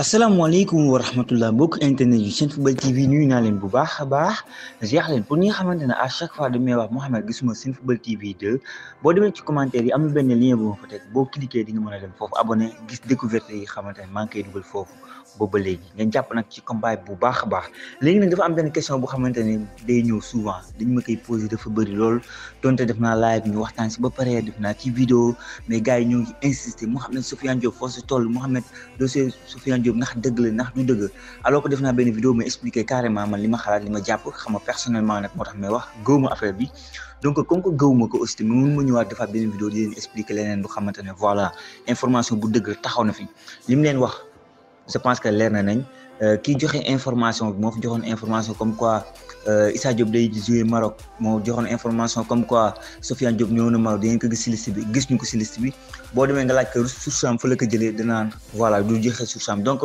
asalaamaaleykum wa rahmatullah mbokk internet yu Senfootball TV nuyu naa leen bu baax a baax jeex leen pour ñi nga xamante ne à chaque fois damay wax Mouhamed gisuma Senfootball TV 2 boo demee ci am na benn lien bu ma fa teg boo cliqué di nga mën a dem foofu abonné gis découverte ne maa ngi koy dugal foofu booba léegi ngeen jàpp nag ci combat bu baax a baax léegi nag dafa am benn question bu xamante ne day ñëw souvent dañu ma koy posé dafa bëri lool donte def naa live ñu waxtaan si ba pare def naa ci vidéo mais gars yi ñoo ngi insister Mouhamed Diop ndax dëgg la ndax du dëgg alors que def naa benn vidéo ma expliqué carrément man li xalaat li jàpp xam personnellement nag moo tax may wax gëwuma affaire bi donc comme que gëwuma ko aussi mun ma ñëwaat defaat benn vidéo di leen expliqué leneen bu xamante ne voilà information bu dëgg taxaw fi li wax. je pense que leer na nañ euh, kii joxe information bi moo fi joxoon information comme quoi euh, Issa Diop day joué Maroc moo joxoon information comme quoi Sofiane Diop ñoo na Maroc dinañ ko gis si liste bi gis ñu ko si liste bi boo demee nga laaj ko source am fa la ko jëlee danaan voilà du joxe source am donc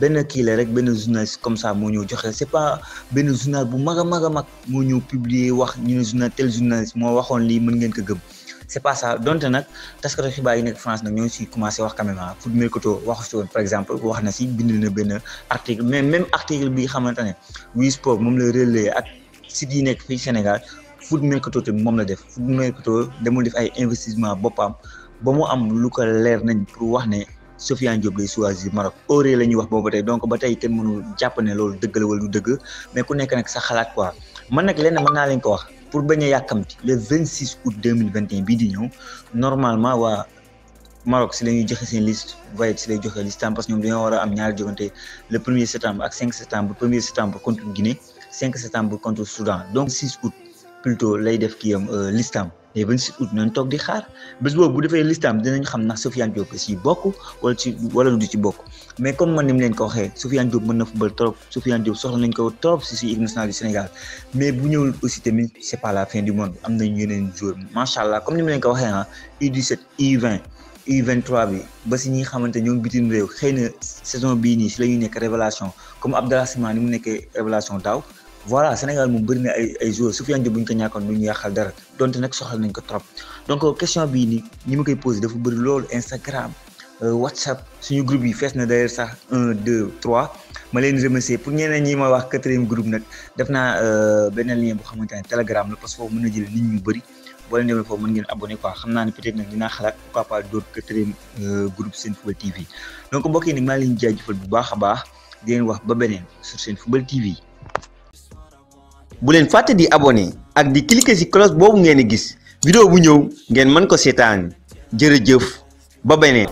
benn kii rek benn journaliste comme ça moo ñëw joxe c'est pas benn journal bu mag a mag a mag moo ñëw publier wax ñu ne journal tel journaliste moo waxoon lii mën ngeen ko gëm c'est pas ça donte nag taskatu xibaar yi nekk France nag ñoo si commencé wax quand même ah, foot mercato wax si par exemple wax na si bind na benn article mais même article bi xamante ne Wii Sport moom la relayer ak site yi nekk fii Sénégal foot mercato moom la def foot mercato demul def ay investissement boppam ba mu am lu ko leer nañ pour wax ne Sofiane Diop lay choisir Maroc auré la ñuy wax boobu tey donc ba tey kenn mënu jàpp ne loolu dëgg la wala du dëgg mais ku nekk nag sa xalaat quoi man nag lenn mën naa leen ko wax pour le 26 août 2021 normalement wa Maroc si la joxe liste voyage si lay joxe liste parce que nous aura a am ñaar jogante le 1er septembre ak 5 septembre 1er septembre contre Guinée 5 septembre contre Soudan donc 6 août plutôt lay def ki am euh, liste mais ba toog di xaar bés boobu bu defee listaam dinañ xam ndax Sofiane Diop si bokk wala ci wala du ci bokk mais comme man ni mu leen ko waxee Sofiane Diop mën na football trop Sofiane Diop soxla nañ ko trop si si nationale du Sénégal mais bu ñëwul aussi tamit c' est pas la fin du monde am nañ neen joueurs macha allah comme ni mu leen ko waxee ah U17 U20 U23 bi ba si ñi nga xamante ñoom ngi bitim réew xëy na saison bii nii si la nekk révélation comme Abdallah Sima ni nekkee révélation daaw. voilà Sénégal moom bëri na ay ay joueurs soufiane Diop bu ñu ko ñàkkoon du ñu yàqal dara donte nak soxal nañ ko trop donc euh, question bi ni ñi ma koy poser dafa bëri lool Instagram euh, WhatsApp suñu groupe yi fess na d'ailleurs sax 1 2 3 ma leen remercier pour ñeneen ñi ma wax quatrième groupe nak def naa euh, beneen lien bu xamantani Telegram la parce que foofu mën na nit ñu bëri bo leen demee fo mëna ngeen abonné quoi xamna ni peut-être nag dinaa xalaat pourquoi pas d'autres quatrième groupe football TV donc mbokk yi nag maa leen jaajëfal bu baaxa baax di leen wax ba benen sur football TV. bu leen fàtte di abonné ak di cliquer ci cloche boobu ngeen di gis vidéo bu ñëw ngeen mën ko seetaan jërëjëf ba beneen